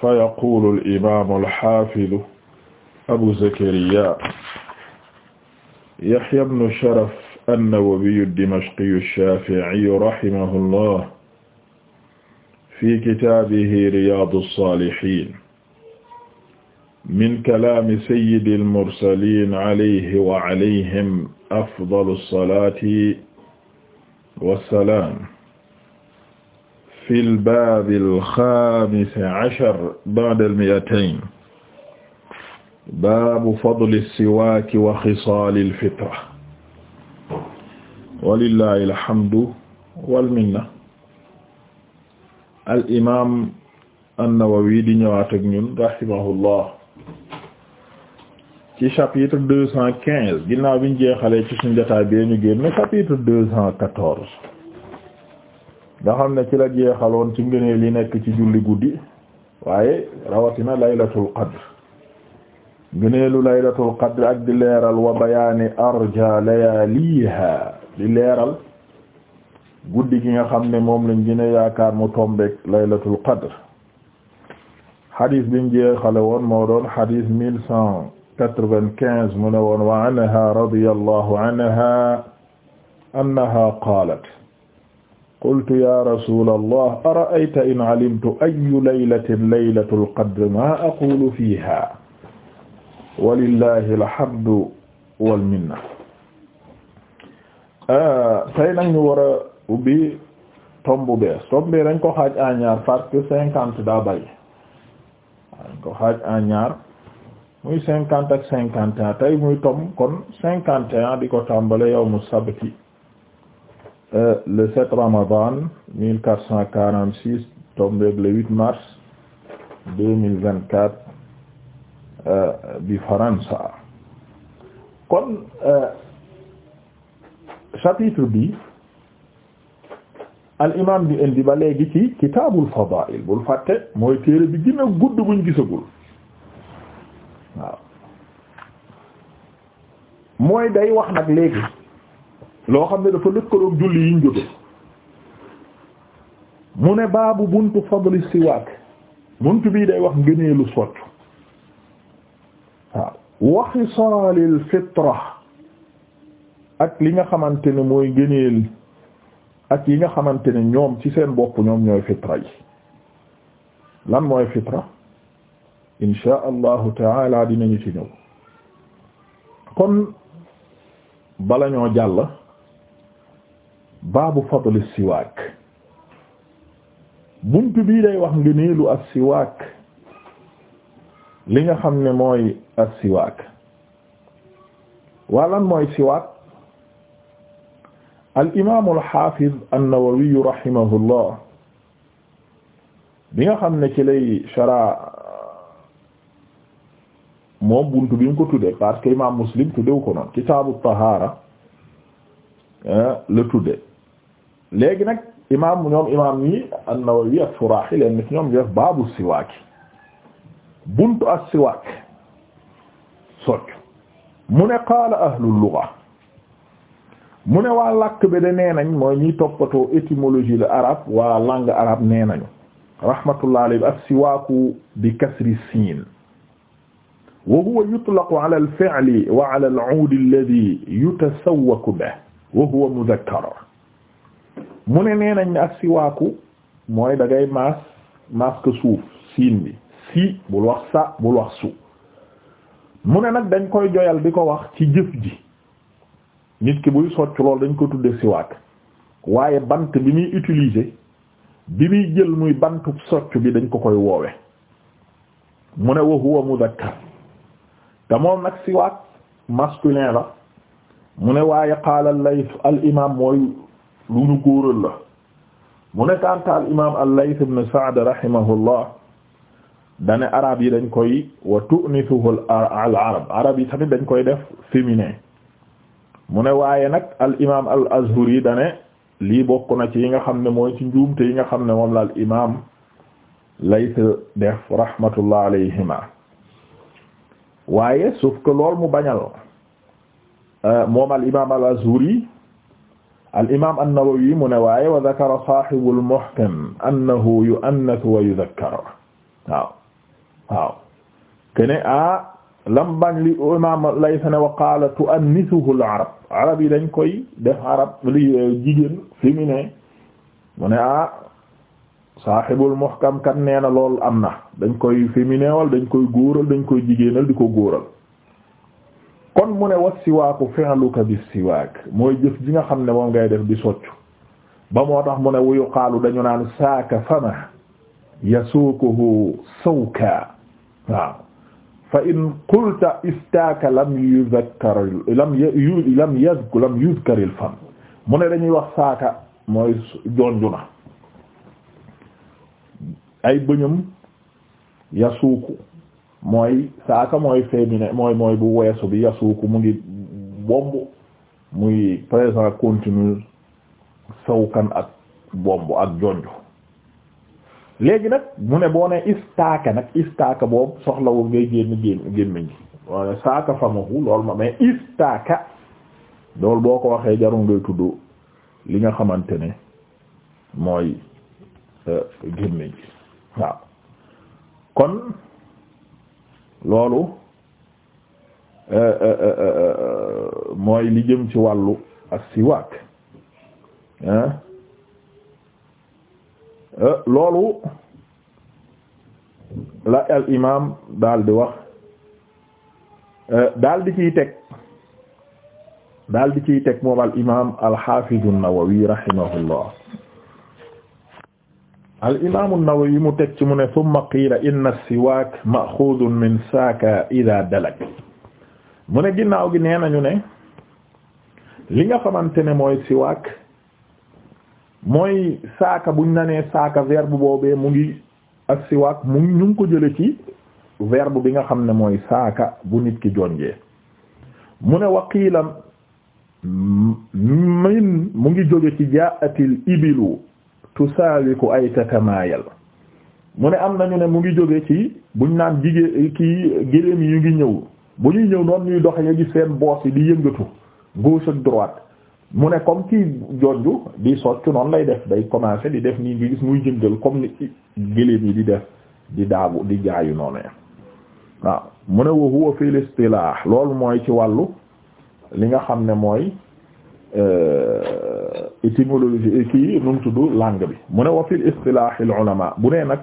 fa yaqulu al-imaam al-haafidu abu zakariyaa yahyaa ibnu sharaf an-nawawiyyu ad-dimashqiyyu ash-shaafi'iyyu rahimahullah fi kitaabihi riyaadu as-saalihiin min kalaami sayyidi al-mursaliin alayhi wa alayhim afdalu as-salaati was-salaam fi lbaabi alxamisi ashar ba'da almi'atayn baabu fadli siwaaki wa xisaali alfitra walillahi alhamdu walminna al imaam an-Nawawi di ñëwaat ak ñun rahimahullah ci chapitre deux cent quinze ginnaaw biñ jeexalee ci suñu jotaay bi ñu génn chapitre deux cent quatorze nga xam ne ci la jeexaloon ci ngëneel yi nekk ci julli guddi waaye rawatina laylatul qadr ngëneelu laylatul qadr ak di leeral wa bayaani arja layaliha di leeral guddi gi nga xam ne moom lañ gën a yaakaar mu tombeek laylatul qadr xadis biñ jeexale woon moo doon xadis mille cent quatre-vingt-quinze mu ne woon wa anha radiyallahu anha annaha qaalat qultu ya rasula allah ara'ayta in alimtu ayu laylatin laylatu alqadre ma aqulu fiha walillahi alhamdu walminna tey nag ñu war a bees tombu bi ko xaaj en ñaar cinquante daa bari tomb kon cinquante et di ko tàmbale yawmu sabti Euh, le 7 Ramadan 1446 tombé le 8 mars 2024 euh, bi Faransa kon euh, chapitre bi al imam bi indi ba léegi ci kitaabul fadaa'il bul fàtte mooy téere bi gën a gudd buñ gisagul waaw mooy day wax nag léegi. loo xam ne dafa lëkkaloog julli yiñ jóge mu ne baabu buntu fadli siwaak buntu bii day wax ngëneelu soccu waaw waxi saalil fitra ak li nga xamante ne mooy ngëneel ak yi nga xamante ne ñoom ci seen bopp ñoom ñooy fitra yi lan mooy fitra insha allahu taala dinañu ci ñëw kon bala ñoo jàll baabu fadli siwaak buntu bii day wax ngëneelu as siwaak li nga xam ne mooy as siwaak waalan mooy siwaak al imaamu al xaafiz an-Nawawi rahimahullah bi nga xam ne ci lay shara moom buntu bi mu ko tuddee parce que imaam Muslim tuddew ko noonu kitaabu tahaara ah, la tudde léegi nag imaam ñoom imaam yi an-Nawawi ak Furaahi leen nit ñoom def baabu siwaak buntu as-siwaak soccu mu ne qaala ahlul lugha mu ne waa làkk bi de nee nañ mooy ñiy toppatoo étymologie le arabe waa langue arabe nee nañu rahmatullah alayhi as-siwaaku bi kasri siin wa huwa yutlaqu ala al-fi'li wa ala al-'uudi alladhi yutasawwaku bihi wa huwa mudhakkar mu ne nee nañ ne ak siwaaku mooy da ngay maas masque suuf siin bi si bul wax sa bul wax su mu ne nag dañ koy joyal di ko wax ci jëf ji nit ki buy socc lool dañ ko tudde siwaak waaye bant bi muy utiliser bi muy jël muy bantu socc bi dañ ko koy woowe mu ne wa huwa te moom nag siwaak masculin la mu ne waaye qaala al layth al imam mooy lu ñu kóoral la mu ne kanta al imam al-Layth ibn Sa'd rahimahullah dane arab yi dañ koy wa tu'nithuhu al arab arab yi tamit dañ koy def féminin mu ne waaye nag al imam al Azhari dane lii bokk na ci yi nga xam ne mooy ci njuumte yi nga xam ne moom la al imam Layth def rahmatullah alayhima waaye sauf que lool mu bañal euh, moom al imam al Azhari al imaam an-Nawawi mu ne waaye wa dhakara saahibul muhkam annahu yu'annasu wa yudhakkar waaw waaw kene a lam bañ li imaam lay sene wa qaala tu'annisuhu al-arab arab yi dañ koy def arab li e, jigéen féminin mu ne a saahibul muhkam kat nee na lool am na dañ koy féminin wala dañ koy góoral dañ koy jigéenal di ko góoral kon mu ne was siwaaku fi'luka bis siwaak mooy jëf ji nga xam ne moom ngay def di soccu ba moo tax mu ne wuyu xaalu dañu naan saaka fama yasuukuhu sawka waaw fa in qulta istaaka lam yudhakkar lam lam yadhkur lam yudhkaril fam mu ne dañuy wax saaka mooy jonju na ay bëñam yasuuku mooy saaka mooy féminin mooy mooy bu weesu bi yasuuku mu ngi bomb muy présent continu sawkan ak bomb ak jonju léegi nag mu ne boo ne istaaka nag istaaka boobu soxlawul ngay génn génn gémmiñ waaye saaka famahu loolu ma mais istaaka loolu boo ko waxee jarul ngay tudd li nga xamante ne mooy euh, gémmiñ waaw kon loolu euh, euh, euh, mooy li jëm ci wàllu ak siwaak loolu la al imaam daal di wax daal di ciy teg daal di ciy teg moom al imaam al xaafizu nawawi rahimahullah al imaamu Nawawi mu teg ci mu ne thumma qiila inna siwaak maxuudun min saaka idaa dalak mu ne ginnaaw gi nee nañu ne li nga xamante ne mooy siwaak mooy saaka buñ na nee saaka verbe boobee mu ngi ak siwaak mu ñu ngi ko jële ci verbe bi nga xam ne mooy saaka bu nit ki jonjee mu ne wa qiila min mu ngi jóge ci jaatil ibilu tusaawiku ay tatamaayal mu ne am nañu ne mu ngi jóge ci buñ naan jigéen kii géléem yi ngi ñëw bu ñuy ñëw noonu ñuy doxe nga gis seen boos yi di yëngatu gauche ak droite mu ne comme kii jojju di soccu noonu lay def day commencer di def nii ngi gis muy jëngal comme ni géléem yi di def di daabu di jaayu noonu waaw mu ne wa huwa fil loolu mooy ci wàllu li nga xam ne mooy Euh, étymologie euh, kii nu mu tudd langue bi mu ne wa fil istilaahi al ulama bu ne nag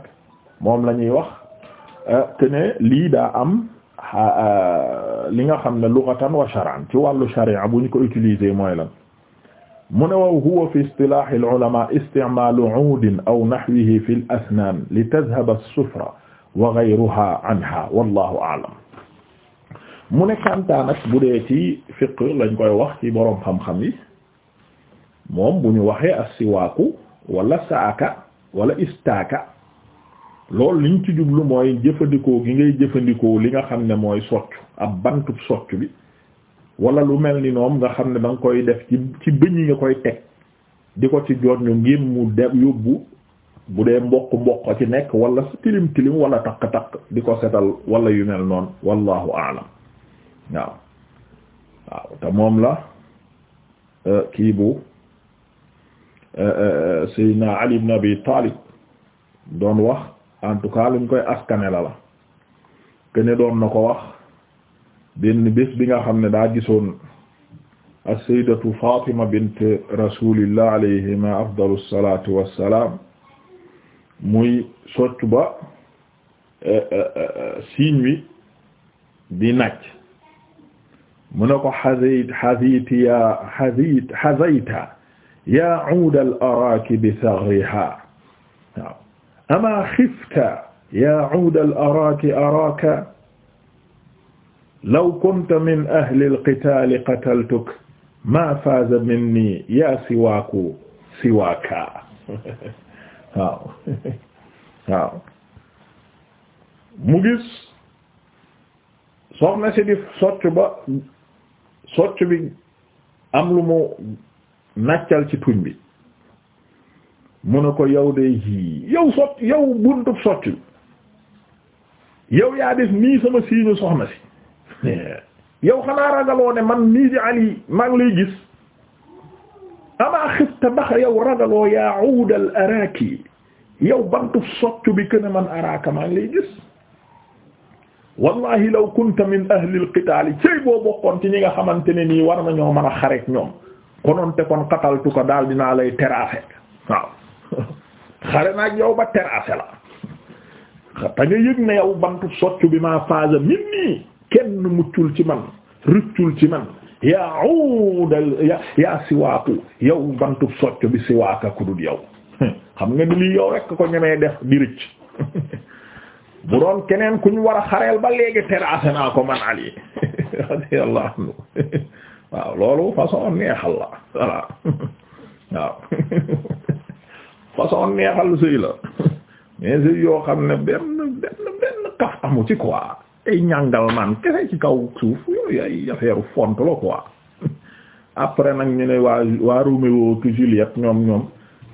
moom la ñuy wax te euh, ne lii daa am li nga xam ne lughatan wa shar'an ci wàllu sharia bu ñu ko utiliser mooy lan mu ne wa huwa fi istilaahi al ulama isticmaalu 'uudin aw nahwihi fil asnaan li tadhhaba as-sufra wa ghayruha anha wallahu a'lam mu ne kanta bu dee ci fiqh lañ koy wax ci boroom xam-xam yi moom bu ñu waxee ak siwaaku walla saaka wala istaaka loolu liñ ci jublu mooy jëfandikoo gi ngay jëfandikoo li nga xam ne mooy soccu ab bantub soccu bi wala lu mel ni noom nga xam ne da koy def ci bëñ yi nga koy teg di ko ci jot ñu ngir mu de yóbbu bu dee mboq mboq ci nekk wala tilim tilim wala takk takk di ko setal wala yu mel noonu wallahu aalam waaw te moom la euh, kii bu euh, euh, Seydina Ali ibn Abi Talib doon wax en tout cas luñ koy askane la la kene doon na ko wax benn bés bi nga xam ne daa gisoon as-sayyidatu Fatima bint rasulillah alayhima afdalu salatu wassalam muy soccu ba signe wi di nàcc mu ne ko xazayt xaziti ya xazit xazayta yaa uud al araaki bi sagriha waaw ama xifta yaa uud al araaki araaka law kunta min ahli alqitaali qataltuk maa faaza minni yaa siwaaku siwaaka waaw waaw mu gis soxna si di socc ba socc bi am lu mu nàccal ci tuñ bi mu ne ko yow de ji yow socc yow buntub socc bi yow yaa def nii sama siiñu soxna si yow xanaa ragaloo ne man nii di ali maa ngi lay gis amaa xifta ndax yow ragaloo yaa uudal araaki yow bantub socc bi que ne man araaka maa lay gis wallahi law kunta min ahlil qitaali cëy boo bokkoon ci ñi nga xamante ne nii war nañoo mën a xareek ñoom konoon te kon qataltu ko daal dinaa lay terrasser waaw xare naag yow ba terrasser la te nga yëg ne yow bantu soccu bi maa faasa min kenn muccul ci man rëccul ci man yaa uudal yaa siwaaku yow bantu soccu bi siwaaka ku dul yow nga ni lii yow rekk ko ñemee def di rëcc bu doon keneen ku ñu war a xareel ba léegi terrassé naa ko man Ali radiyallahu anhu waaw loolu façon neexal la voilà waaw façon neexal sëy la mais sëy yoo xam ne benn benn benn kaf amu ci quoi ay ñàngal kese ci kaw suuf yooyu ay affaire font la quoi après nag ñu ne waa waa Roméo ak Juliette ñoom ñoom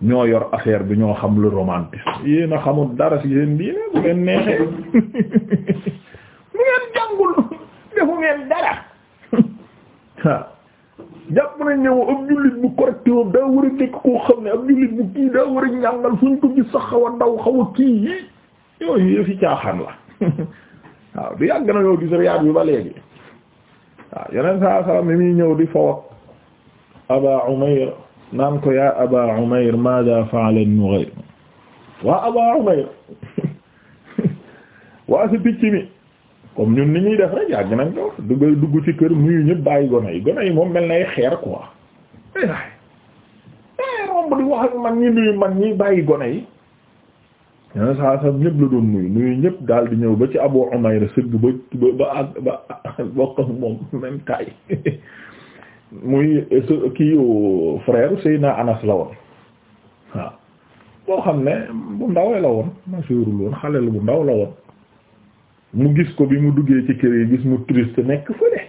ñoo yor affaire bi ñoo xam lu romantique yéen a xamul dara ci seen diine bu ngeen neexee bu ngeen jàngul defu ngeen dara jàpp nañ ne ab jullit bu correct woom daa war a nekk koo xam ne ab jullit bu kii daa war a ñàngal fu ñu ko gis sax xaw a ndaw kii yi yooyu yëfi caaxaan la waaw du yàgg na yoo gis riyaat bi ba léegi waaw saa saa muy ñëw di fawat Aba Umayr naan ko yaa aba umayr maada fa'ala nughayr waa aba umayr waa si picc mi comme ñun ni ñuy def rek yàgg nañ ko dugg dugg ci kër muyu ñëpp bàyyi gone yi moom mel nay xeer quoi ay waay romb di wax ak man ñi nuyu man ñi bàyyi gone yi ñene saa sam ñëpp la doon nuyu nuyu ñëpp daal di ñëw ba ci abu umayr sëgg ba ba ba ak moom même tay muy kii frère Seydina Anas la woon waaw boo xam ne bu ndawee la woon majeurul woon xale la bu ndaw la woon mu gis ko bi mu duggee ci kër yi gis mu triste nekk fële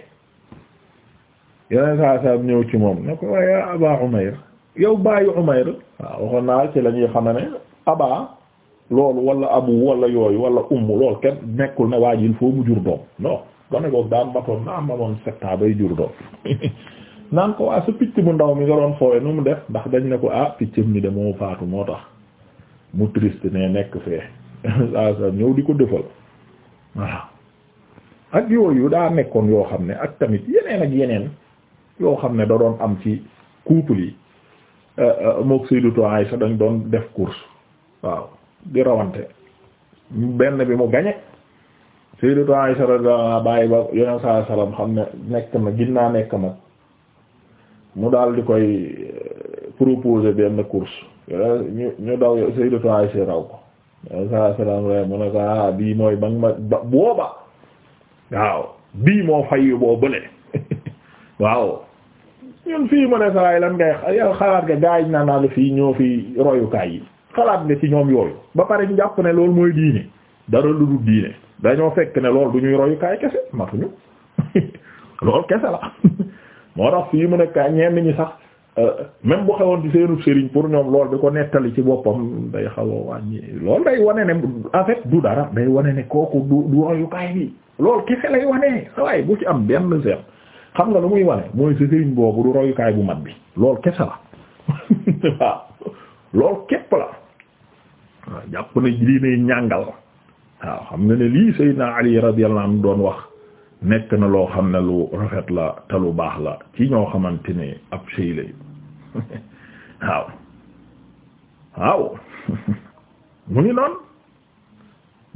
yeneen saa saa ñëw ci moom ne ko waaye Aba Umayr yow bàyyi Umayr waaw waxoon naa ci la ñuy xam ne Aba loolu wala abu wala yooyu wala umm loolu kenn nekkul ne waajil foo mu jur doom non gone goog daan matoon naa ma moom sept ans bay jur doom naan ko waa sa picc mu ndaw mi nga doon foowe nu mu def ndax dañ ne ko ah piccam mi de moo faatu moo tax mu triste ne nekk fee saa saa ñëw di ko defal waaw ak yooyu daa nekkoon yoo xam ne ak tamit yeneen ak yeneen yoo xam ne da doon am ci couple yi euh, euh, mook Sayyidatu Aisha dañ doon def course waaw di rawante benn bi mu gañe Sayyidatu Aisha radiyallahu anha bàyyi ba yeneen saa salaam xam ne nekk na ginnaa nekk mag mu daal di koy euh, propose benn course ñu ñu daw Sayyidatu Aisha raw ko ah, bii mooy ba nga ma booba waaw bii moo fayyu boo bële waaw ñun fii mu ne sawaay lan ngay yow xalaat nga gaay naa naa fii ñoo fi royukaay yi xalaat nga ci ñoom yooyu ba pare ñu jàpp ne loolu mooy diine dara lu dul diine dañoo fekk ne loolu du ñuy royukaay kese matuñu loolu kese la moo tax fii mu nekk ñenn ñi sax euh, même bu xewoon ci seenu sëriñ pour ñoom lool di ko nettali ci boppam day xaw a wàññi loolu day wane ne en du dara day wone ne kooku du du royukaay bi loolu kese bu ci am benn xam nga lu muy wane mooy sa sëriñ boobu du royukaay mat bi loolu kese la waaw loolu képp la waaw jàpp na lii nay ñàngal waaw xam nga ne lii sëy Seydina Ali radiyallahu anhu doon wax nekk na loo xam ne lu rafet la te lu baax la ci ñoo xamante ne ab sëy lay waaw waaw mu ngi noonu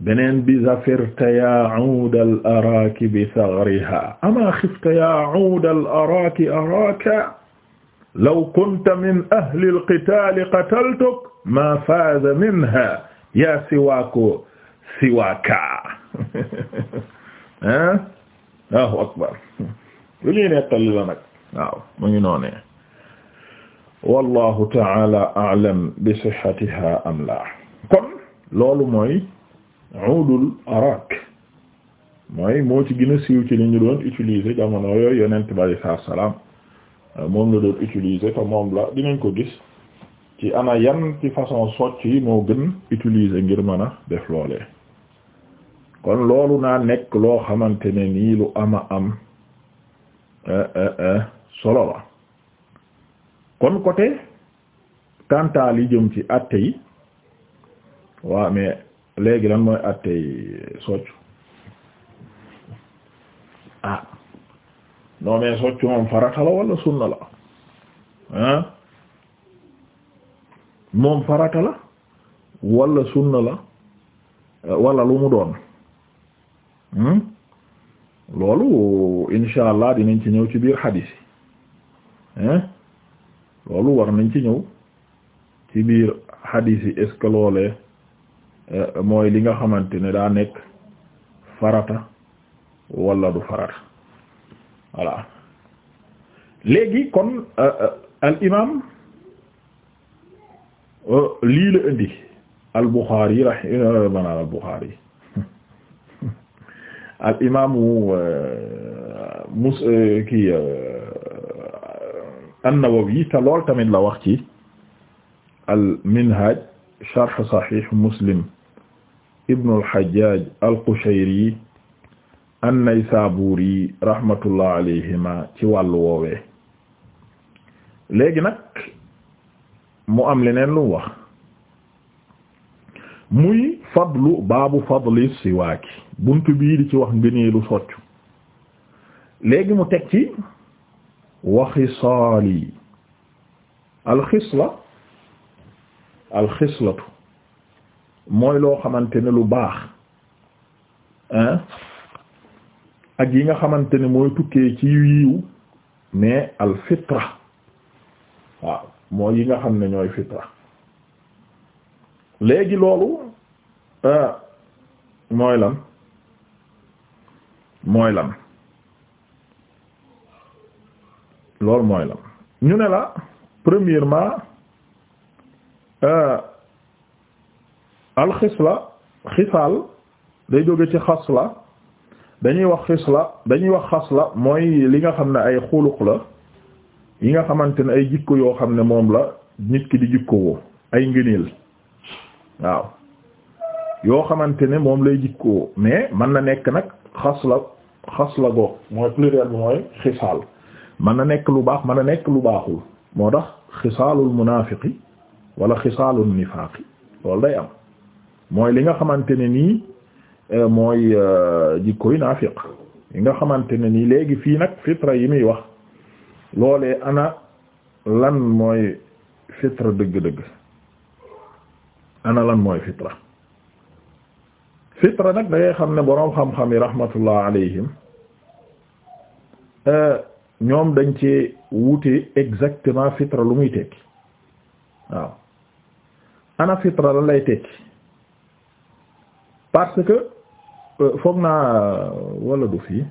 beneen bi zafirta ya aud al araki bi sagriha ama xifta ya aud al araki araka law kunta min ahli al qital qataltuk ma faaza minha ya siwaako siwaaka ah Allahu akbar lu ñuy nettali la nag waaw mu ngi noonee wallahu taala a'lam bi sihhatiha am la kon loolu mooy uudul arak mooy moo ci gën a siiw ci li ñu doon utiliser jamono yooyu yonent bi alayhi salaam moom la doon utiliser te moom la dinañ ko gis ci ana yan ci façon socc yi moo gën utilise ngir mën a def loolee kon loolu naa nekk loo xamante ne nii lu ama am eh, eh, eh, solo la kon côté kanta li jëm ci atte yi waaw mais léegi lan mooy atte yi soccu ah non mais soccu moom farata la wala sunna la ah moom farata la wala sunna la wala lu mu doon Hmm? loolu insha allah dinañ ci ñëw ci biir xadiis yi eh? loolu war nañ ci ñëw ci biir xadiis yi est eh, mooy li nga xamante ne daa nekk farata walla du farata voilà léegi kon eh, al imam lii la indi al Buxaari rahimahu al Buxaari al imaamu euh, mus euh, kii euh, an-Nawawi te lool tamit la wax ci al minhaj sharh sahih muslim ibn al hajjaj al qushayri an-Naysaburi rahmatullah alayhima ci wàllu woowee léegi nag mu am leneen lu wax muy fadlu baabu fadli siwaaki bunt bii di ci wax ngëneelu soccu léegi mu teg ci waxisaal yi alxisla alxislatu mooy loo xamante ne lu baax ak yi nga xamante ne mooy tukkee ci yiw mais alfitra waaw mooy yi nga xam ne ñooy fitra léegi loolu euh, mooy la mooy lan loolu mooy lan ñu ne la premièrement euh, la xisaal day jóge ci xasla dañuy wax la dañuy wax la mooy li nga xam ne ay xuluq la yi nga xamante ne ay jikko yoo xam ne moom la nit ki di jikkowoo ay ngëneel waaw yoo xamante ne moom lay jikko mais mën na nekk nag la xas la goog mooy pluriel bi mooy xisaal mën na nekk lu baax mën na nekk lu baaxul moo tax xisaalul munaafiqi wala xisaalul nifaaqi loolu day am mooy li nga xamante ne nii euh, mooy euh, jikkoy naafiq yi nga xamante ne nii léegi fii nag fitra yi muy wax loolee ana lan mooy fitra dëgg-dëgg ana lan mooy fitra fitra nag da xam ne boroom xam-xam yi rahmatullah alayhim euh, ñoom dañ ci wute exactement fitre lu muy tekki waaw ana fitra la lay tekki parce que euh, foog naa euh, wala du fii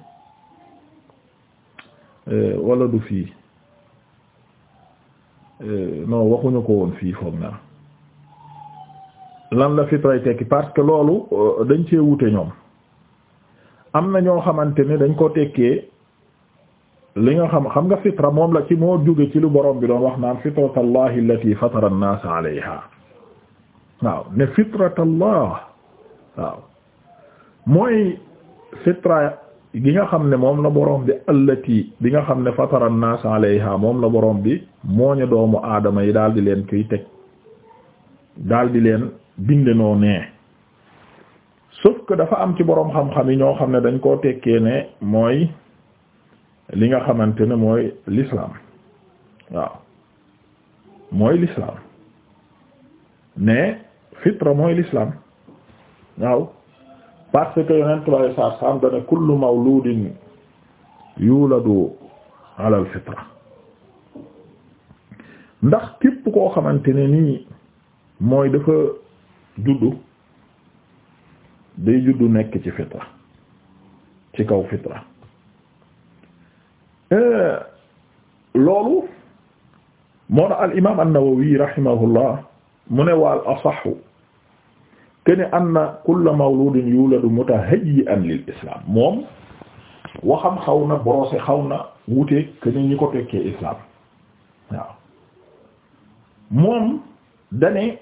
wala du fii non waxuñu ko woon fii foog naa lan la fitray tekki parce que loolu euh, dañ cee wute ñoom am na ñoo xamante ni dañ ko tekkee li nga xam xam nga fitra moom la ci moo jóge ci lu boroom bi doon wax naan fitratallahi allati fatara an-naasa alayha waaw ne fitratallah mooy fitra gi nga xam ne moom la borom bi allati bi nga xam ne fatara alayha moom la boroom bi mooñu doomu aadama yi daal di leen koy teg daal di leen binde noo nee sauf que dafa am ci boroom xam-xam yi ñoo xam ne dañ koo tekkee ne mooy li nga xamante ne mooy l'islam waaw mooy l'islam mais fitra mooy l'islam waaw parce que yonent bale sar sam dane kullu mawludin yuladu ala al fitra ndax képp koo xamante ne mooy dafa juddu day juddu nekk ci fitra ci kaw fitra euh, loolu moo al imaam an-Nawawi rahimahullah mu ne waal asaxu kene anna kulla mawludin yuladu mutahayyi'an lil islam moom waxam xaw na brosé xaw na wutee kene ñi ko tekkee islam moom dane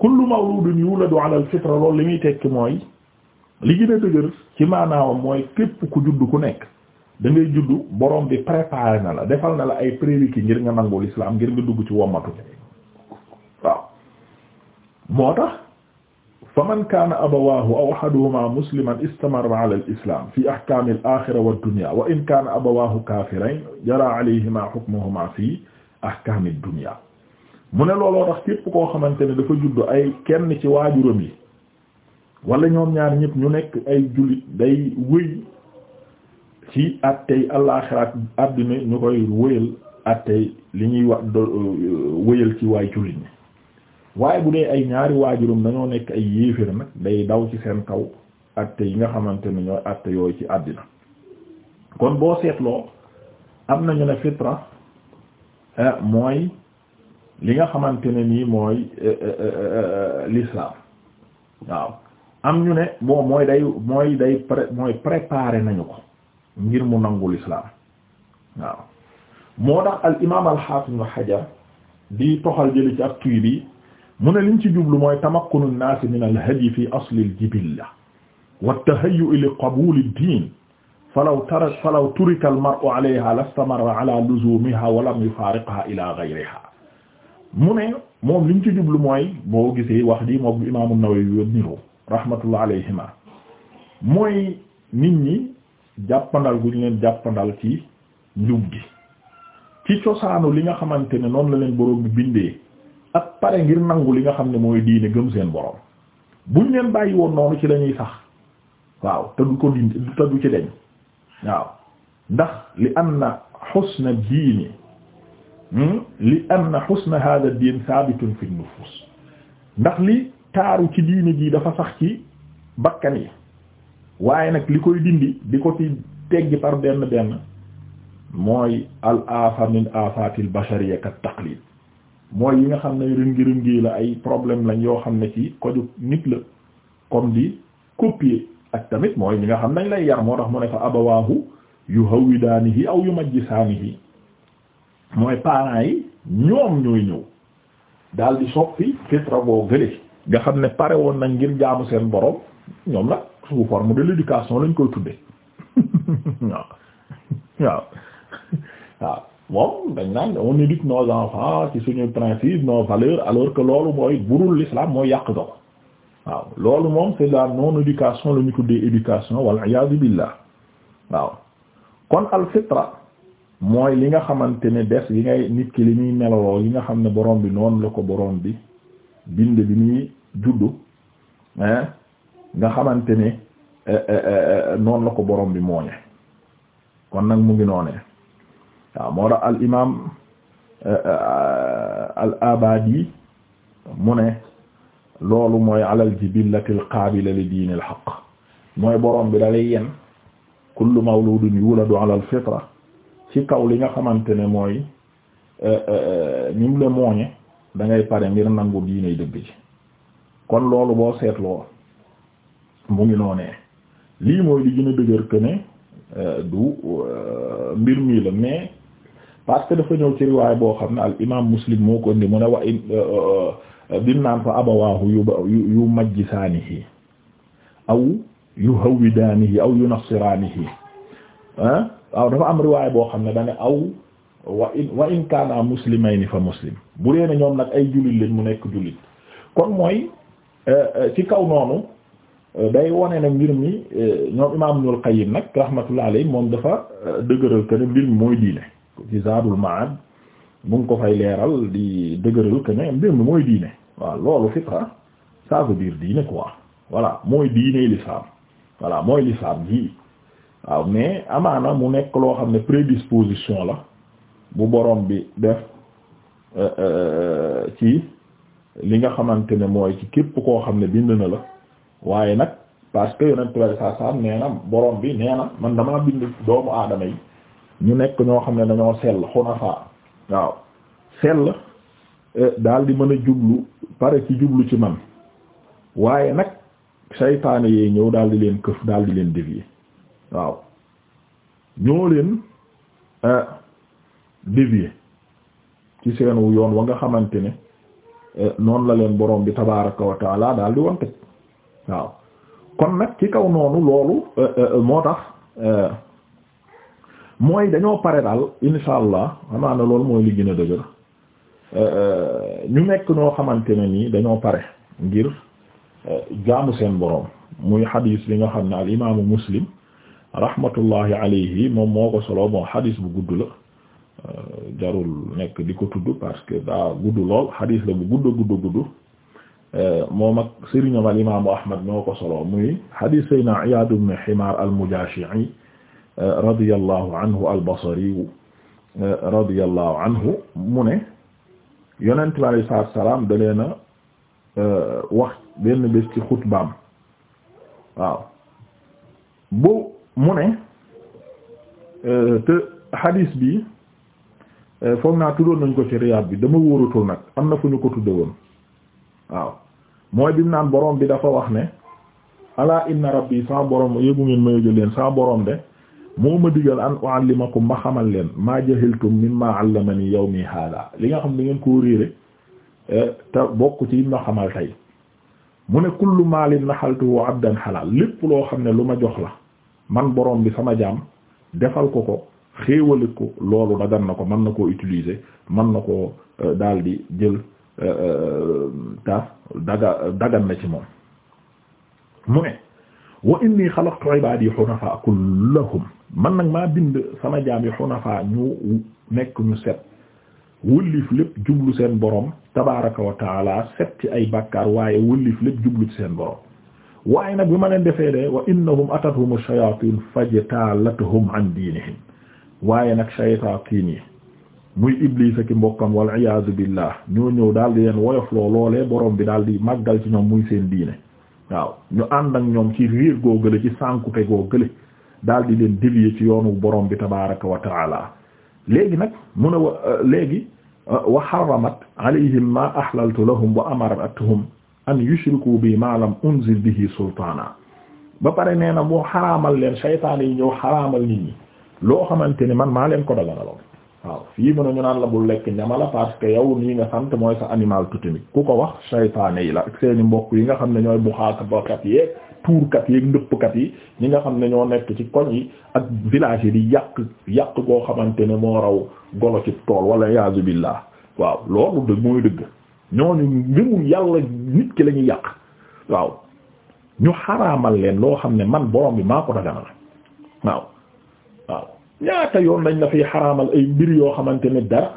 kullu mawludin yuladu ala al-fitra loolu li muy tekki mooy li gën a dëgër ci maanaawam mooy képp ku juddu ku nekk da ngay juddu borom bi préparé na la defal na la ay prérequis ngir nga nangu l'islam ngir nga dugg ci wommatu waaw moo tax fa man kaana abawaahu aw ahaduhuma musliman istamarra ala al-islam fi ahkaami al-aaxira wa ad-dunya wa in kaana abawaahu kaafirayn jara alayhima hukmuhuma fi ahkaami ad-dunya mu ne looloo tax képp koo xamante ne dafa juddu ay kenn ci waajuram yi wala ñoom ñaar ñëpp ñu nekk ay jullit day wëy ci attey àllaxiraat àddina ñu koy wëyal attey li ñuy wa wëyal ci waay jullit ñi waaye bu dee ay ñaari waajuram dañoo nekk ay yéefér nag day daw ci seen kaw atte yi nga xamante ne ñooy atte yooyu ci àddina kon boo seetloo am nañu ne fitra eh, mooy li nga xamante ne nii mooy eh, eh, eh, l'islam waaw am ñu ne bon mooy day mooy day pré mooy préparer nañu ko ngir mu nangu l'islam waaw moo tax al imaam al hafiz ibn hajar di toxal jëli ci ak tuy bi mu ne liñ ci jublu mooy tamakkunu an-nas min al-hadi fi asli al-jibilla wa at-tahayyu' li qabul ad-din falaw tara falaw turika al-mar'u 'alayha lastamarra 'ala luzumiha wa lam yufariqha ila ghayriha mu ne moom liñ ci jublu mooy boo gisee wax ji moom imaamu Nawawi yu niroo rahmatullah alayhima mooy nit ñi jàppandal gu ñu leen jàppandal ci njub gi ci cosaanu li nga xamante ne noonu la leen borom bi bindee ak pare ngir nangu li nga xam ne mooy diine gëm seen borom buñ leen bàyyi woon noonu ci lañuy sax waaw te du ko dindi te du ci deñ waaw ndax li na husna diini Hmm? li anna husna hadha diin sabitun fi nufus ndax li taaru ci diine ji dafa sax ci bakkan yi waaye nag li koy dindi di ko ci teggi par benn denn mooy al afa min afatil bashariyya kat taqlid mooy yi nga xam ne rëngi-rëngi la ay problème lañ yoo xam ne ci koju nit la comme di copier ak tamit mooy ñi nga xam dañ lay yar moo tax mu ne fa abawaahu yuhawwidaanihi aw yumajjisaanihi mooy parents yi ñoom ñooy ñëw daal di soppi fitra boo gële nga xam ne pare woon nañ ngir jaamu seen borom ñoom nag sous forme de l'éducation lañ koy tuddee waaw waaw waaw moom dañ naan on éduque nos enfants suñu principes nos valeurs alors que loolu mooy burul l'islam mooy yàq dox waaw loolu moom c'est la non éducation la ñu tuddee éducation wal iyaazu billah waaw kon al fitra mooy li nga xamante ne des yi ngay nit ki li ñuy meloloo yi nga xam ne borom bi noonu la ko boroom bi bind bi ñuy juddu nga xamante ne eh, eh, eh, noon la ko borom bi mooñe kon nag mu ngi noonee waaw moo tax al imaam al abadi mu ne loolu mooy alal jibillati al qaabila li diini al haqq mooy borom bi dalay yen kullu mawludun yuladu ala al fitra ci kaw li nga xamante ne mooy euh, euh, ni mu le mooñe da ngay pare ngir nangu diinay dëgg ci kon loolu boo seetloo mu ngi noonee lii mooy li gën a dëgër que ne euh, du mbir mii la mais parce que dafa ñëw ci riwaay boo xam ne al imam muslim moo ko indi mu ne wa in bim naan yu abawaahu yu yu majjisaanihi aw yu hawwidaanihi aw yu nasiraanihi yi waaw dafa am riwaay boo xam ne da ne aw wa in wa in kaana muslimayni fa muslim bu dee ne ñoom nag ay jullit lañ mu nekk jullit kon mooy eh, eh, ci kaw noonu eh, day wone na mbir mi ñoom imaam Ibnul Qayyim nag rahmatullahi moom dafa dëgëral que ne mbir mi mooy diine ci Zaadul Ma'aad mu ko fay leeral di dëgëral que ne mbir mi mooy diine waaw loolu fiqa ça veut dire diine quoi voilà mooy diine l'islam voilà mooy l'islam ji waaw mais amaana mu nekk loo xam ne prédisposition la bu borom bi def euh, euh, euh, ci li nga xamante ne mooy ci képp koo xam ne bind na la waaye nag parce que yonent bi saa saa nee na bi nee man damaa bind doomu aadama yi ñu nekk ñoo xam ne dañoo sell xunafa waaw sell daal di mën a jublu pare ci jublu ci man waaye nag saytaane yee ñëw daal di leen këf daal di leen dévier waaw ñoo leen euh, dévier ci seenu yoon wa nga xamante ne euh, noonu la leen boroom bi tabaraka wa daal di wante waaw kon nag ci kaw noonu loolu euh, moo tax mooy dañoo pare daal insha allah xamaa ne loolu mooy li gën a dëgër ñu nekk ñoo xamante ne nii dañoo pare ngir jaamu seen borom muy xadiis bi nga xam ne al imaamu muslim rahmatullahi alayhi moom moo ko solo bon xadis bu gudd la jarul nekk di ko tudd parce que daa gudd lool xadis la bu gudd gudd gudd moom ak sëriñam al imaamu Ahmad ñoo ko solo muy xadis sayna Iyaad ibn Himaar al-Mujaashi'i radiyallahu anhu al-Basri radiyallahu anhu mu ne yonent bi alayhi salaatu wa salaam da leen a wax benn bés ci xutbaam waaw bu mu ne euh, te hadis bi euh, foog naa tuddoon nañ ko ci riyaad bi dama wóorutul nag am na fu ñu ko tudde woon waaw mooy bi mu naan borom bi dafa wax ne alaa inna rabbi sa borom yéegu ngeen ma yëgal leen sa borom de moo ma digal an uallimakum ma xamal leen maa jahiltum mimma allamani yawmi hada li nga xam ne ngeen koo réere euh, te bokk ci ma xamal tey mu ne kullu maalin naxaltuhu abdan xalaal lépp loo xam ne lu ma jox la man borom bi sama jaam defal ko ko xéewale ko loolu dagan na ko mën na ko utiliser mën na koo euh, daal di jël euh, euh, taaf daga dagan na ci moom mu ne wa inni xalaqtu ibadi xunafa kullahum man nag maa bind sama jaam yi xunafa ñu nekk ñu set wëllif lépp jublu seen borom tabaraka wa taala set ci ay bàkkaar waaye wëllif lépp jublu ci seen borom waaye nag bi ma leen defee de wa innahum atathum ash-shayatin fajtalathum an diinihim waaye nag shaytatin yi muy iblis ak mbokkam wal iyaazu billah ñoo ñëw daal di leen woyofloo loolee borom bi daal di màggal ci ñoom muy seen diine waaw ñu ànd ak ñoom ci riir goo gële ci sànkute goo gële daal di leen dévier ci yoonu borom bi tabaraka wa taala léegi nag mu ne euh, léegi euh, wa haramat alayhim ma ahlaltu lahum wa amaratuhum an yushriku bi ma lam unzil bihi sultaana ba pare nee na boo xaraamal leen saytaane yi ñëw xaraamal nit ñi loo xamante ni man maa leen ko daganaloon waaw fii mën ñu naan la bul lekk ñamala parce que yow nii nga sant mooy sa animal totémique ku ko wax saytaane yi la ak seeni mbokk yi nga xam ne ñooy buxaakabakat yeeg tuurkat yeeg ndëppkat yi ñi nga xam ne ñoo nekk ci koñ yi ak village yi di yàq yàq koo xamante ne moo raw golo ci tool wala yaazu billah ñooñu ngëmu yàlla nit ki la ñuy yàq waaw ñu xaraamal leen loo xam ne man borom bi maa ko daganal waaw waaw ñaata yoon lañ na fiy xaraamal ay mbir yoo xamante ne dara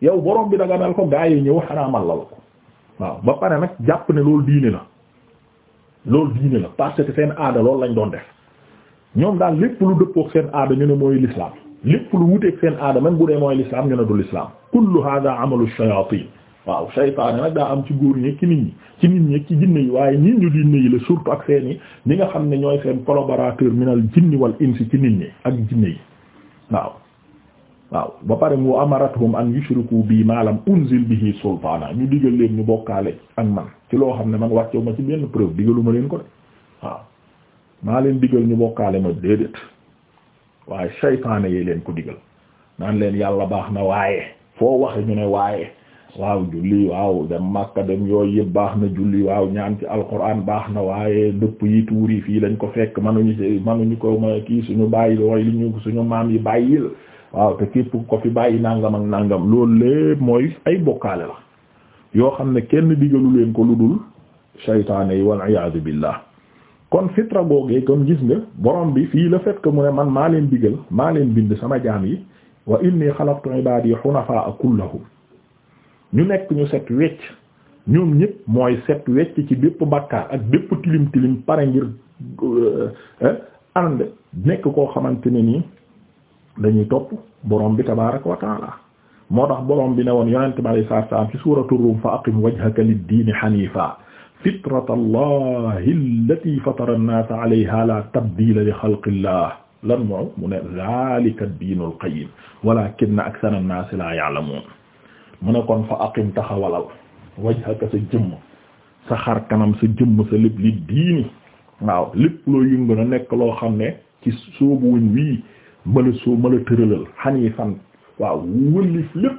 yow borom bi daganal ko gaa yi ñëw xaraamal la ko waaw ba pare nag jàpp ne loolu diine la loolu diine la parce que seen aada loolu lañ doon def ñoom daal lépp lu dëppook seen aada ñu ne mooy l'islam lépp lu wuteek seen aada même bu dee mooy l'islam ñu ne du l'islam kullu hada amalu shayatin waaw saytaane nag daa am ci góor ñi ci nit ñi ci nit ñi ci jinne yi waaye nit ñu jinne yi la surtout ak seen i nga xam ne ñooy seen collaborateur minal jinni wal insi ci nit ñi ak jinne yi waaw waaw ba pare mu amarathum an yushriku bi ma lam unzil bihi sultaana ñu digal leen ñu bokkaale ak man ci loo xam ne man wàccewu ma ci benn preuve digalu ma leen ko de waaw maa leen digal ñu bokkaale ma déedéet waaye saytaane yee leen ko digal naan leen yàlla baax na waaye foo waxe ñu ne waaye waaw julli waaw dem Makka dem yooyu yëpp baax na julli waaw ñaan ci alquran baax na waaye dëpp yi tuur fii lañ ko fekk manuñu ci manuñu ko ma kii suñu bàyyi looy li ñu suñu maam yi bàyyil waaw te képp ko fi bàyyi nangam ak nangam loolu lépp mooy ay bokkaale la yoo xam ne kenn digalu leen ko lu dul saytaane yi wal iyaadu billah kon fitra googee gis nga borom bi fii la fait que mu ne man maa leen digal maa leen bind sama jaam yi wa inni xalaqtu ibaadi xunafaa kullahum ñu nekk ñu set wecc ñoom ñëpp mooy set wecc ci bépp bàkkaar ak bépp tilim tilim pare ngir euh, ànd nekk koo xamante ne nii dañuy topp borom bi tabaaraka wa taala moo tax borom bi ne woon yonent bi alayhi salaatu salaam ci suuratu Ruum fa aqim wajhaka lid-diini haniifa fitrata allahi allati fatara an-naasa alayha la tabdiila li xalqillah lan moo mu ne zaalika ad-diinul qayyim walaakinna aksara an-naasi laa ya'lamuun mu ne kon fa aqim taxawalal wajhaka sa jëmm sa xar kanam sa jëmm sa lépp li diini waaw lépp loo yëngu na nekk loo xam ne ci soobu wuñ wii mala soo mala tëralal hanifan waaw wëlif lépp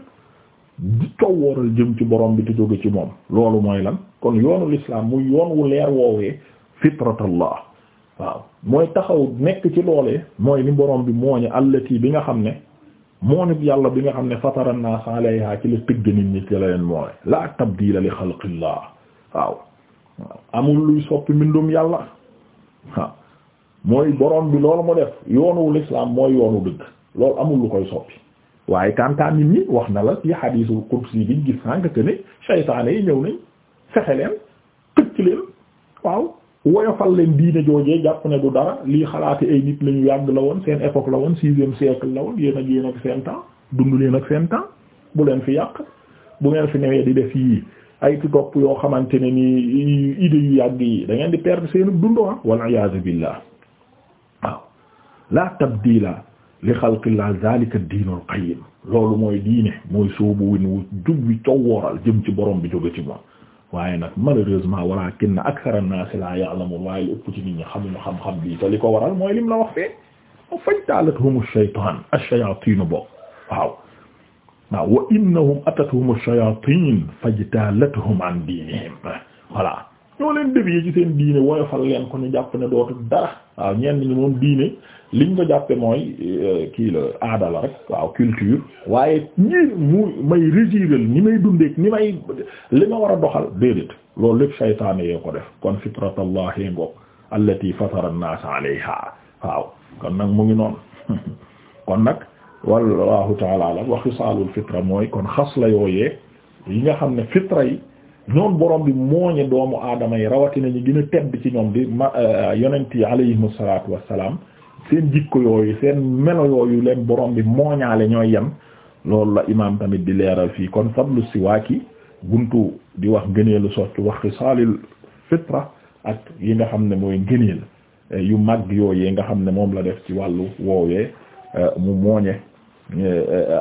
di cow jëm ci borom bi te jóge ci moom loolu mooy lan kon yoonu l'islam mu yoon wu leer woowee fitratallah waaw mooy taxaw nekk ci loolee mooy ni borom bi mooñe allati bi nga xam ne moo nit yàlla bi nga xam ne fatara naas alayha ci la tëgg nit ñi ci la leen mooy la tabdila li xalqillah waaw amul luy soppi mbindum yàlla waaw mooy borom bi loolu mu def yoonu l'islam mooy yoonu dëgg loolu amul lu koy soppi waaye kantaa nit ñi wax na la ci xadiisul qudsi biñ gis sànq que ne ñëw nañ fexe leen tëcc leen waaw woyofal leen diine joojee jàpp ne du dara lii xalaati ay nit lañu yàgg la woon seen époque la woon sixième siècle la woon yéen ak yéen ak seen temps dund leen ak seen temps bu leen fi yàq bu ngeen fi newee di def yii ay tu topp yoo xamante ne nii idées yu yàgg yi da di perdre seen dund ah wal iyaazu billah waaw la tabdila li xalqillah zalika diinul qayyim loolu mooy diine mooy soobu win wu jub wi cow jëm ci borom bi jóge ci moom waaye nag malheureusement walakin akthara an-nas la ya'lamun waaye lu ëpp ci nit ñi xamuñu xam-xam bi te li ko waral mooy lim la wax fee fajtalathum ash-shaytan ash-shayatin bokk waaw waaw wa innahum atatuhum ash-shayatin fajtalathum an dinihim voilà ñoo leen dévier ci seen diine woyofal leen ko ñu jàpp ne dootul dara waaw ñenn ñi moom diine liñ ko jàppe mooy euh, kii la aada la rek waaw culture waaye ñii mu may régiral ni may dundeek ni may li ma war a doxal déedéet loolu lépp saytaane yee ko def kon fitratallahi ngoog allati fatara an-nas waaw kon nag mu ngi noonu kon nag wallahu taala alam wa xisaalul fitra mooy kon xas la yooyee yi nga xam ne fitra yi ñoom borom bi mooñe doomu aadama yi rawatina ñu gën a ci ñoom di ma euh, yonent yi alayhimu salaatu salaam seen jikko yooyu seen melo yooyu leen borom bi mooñaale ñoo yem loolu la imaam tamit di leeral fii kon fadlu siwaaki buntu di wax ngëneelu soccu wax xisaalil fitra ak yi nga xam ne mooy ngëneel euh, yu mag yooyee nga xam ne moom la def ci wàllu woowee euh, mu mooñe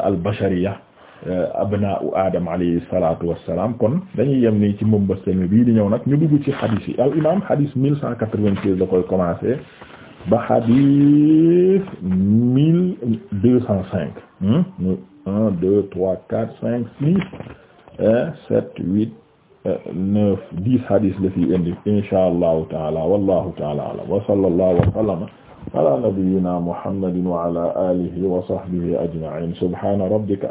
albashariya Euh, abnaa'u adam alayhi salaatu wassalaam kon dañuy yem nii ci mbëmbastal mi bii di ñëw nag ñu dugg ci xadiis yi al imam xadiis mille cent quatre-vingt-seize da koy commencer ba xadiis mille deux cent cinq hmm? un deux trois quatre cinq six euh, sept huit euh, neuf dix xadiis la fi indi insha allahu taala wallahu taala alam wa sallallahu wa sallama ala nabiyyina muhammadin wa ala alihi wa sahbihi ajma'in subhana rabbika